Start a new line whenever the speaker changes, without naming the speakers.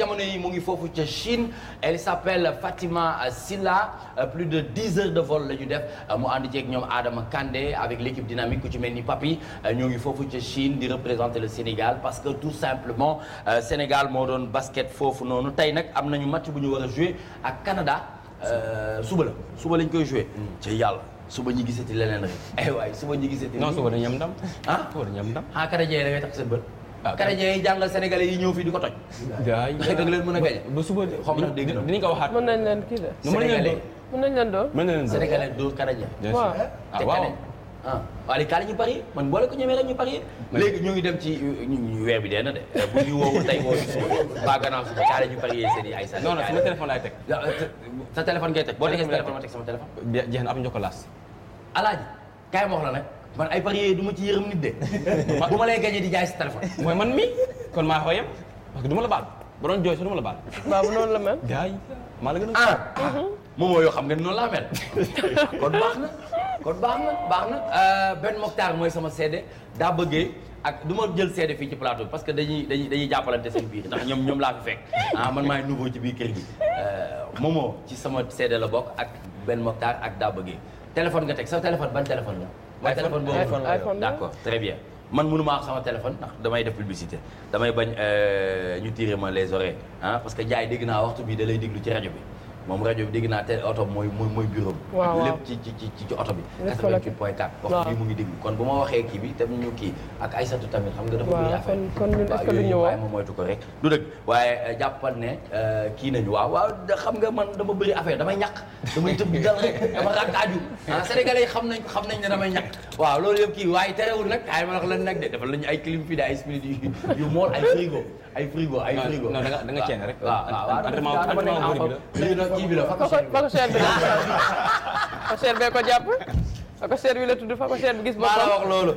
jamono yi mu ngi foofu ca Chine elle s'appelle Fatima Silla euh, plus de dix heures de vol la ñu def euh, mu ànd ceeg ñoom Adama Kandé avec l'équipe dynamique ku ci mel ni Papi euh, ñoo ngi foofu ca Chine di représenter le Sénégal parce que tout simplement Sénégal moo doon basket foofu noonu tey nag am na ñu match bu ñu war a jouer ak Canada suba la suba lañ koy jouer hmm. ci yàlla suba ñu gisati leneen rek ay eh waay suba ñu gisati non suba dañu am ndam ah suba dañu am ndam ah Canadien da ngay canadiens ah, yi jàngal sénégalais yi ñëw fii di ko toj. jaajëf dëgg leen mën a ba suba xaw ma dégg dinañ ko waxaat. mën nañ leen kii de. sénégalais mën nañ leen doon mën nañ leen doon waaw te canadien ah, ah ñu ah, pari man boole ko ñemee rek ñu pari léegi ñu ngi dem ci weer bi dee na de euh, bu ñu woowul tey woo suba ba gannaaw suba kaale ñu pari seen i ay sa non non sama téléphone laay teg euh, sa téléphone ngay teg boo tegee sa téléphone ma teg sama téléphone jeex na ab njokolaas alaaji kaay ma wax la nag man ay paris yooyu du ma ci yërëm nit de. bu ma lay gagné di jaay sa téléphone. mooy man mi kon maa ko yem parce que du ma la baal ba doon jooy sax ma la baal. waaw bu noonu la mel. gars maa a. ah mm-hmm. yoo xam nga noonu laa mel. kon baax na baax na baax euh, benn Mokhtar mooy sama seede daa bëggee. ak du ma jël seede fii ci plateau parce que dañuy dañuy dañuy jàppalante seen biir ndax ñoom ñoom laa fi fekk ah, man maay nouveau ci biir kër gi euh, moomoo ci sama seede la bokk ak benn Mokhtar ak daa bëggee téléphone nga teg sa téléphone ban téléphone la. mooy téléphone boobu iPhone la d'accord très bien. man mënu maa sama téléphone ndax damay def publicité damay bañ euh, ñu tirer ma les oreilles parce que jaay dégg naa waxtu bi dalay déglu ci rajo bi. moom rajo bi dégg naa te oto mooy mooy mooy bureau bi. waaw lépp ci ci ci ci oto bi. 88 point 4 wax bii mu ngi déglu kon bu ma waxee kii bi te ñu kii ak Aysatu tamit xam nga dafa. waaw kon kon ñun est-ce que lu ñu waaye euh, euh, dama bëri affaire damay ñàkk damay tëb dal rek dama ràkkaaju ah sénégalais xam nañ xam nañ ne damay ñàkk waaw loolu yëpp kii waaye terewul nag ay ma wax lan nag de dafa lañu ay clim fii de ay spirit yu mool ay frigo ay frigo ay frigo da nga ceen rek waaw kii bi la facochère bi la facochère bee ko jàpp bi la tudd facochère bi gis boppam. la wax loolu.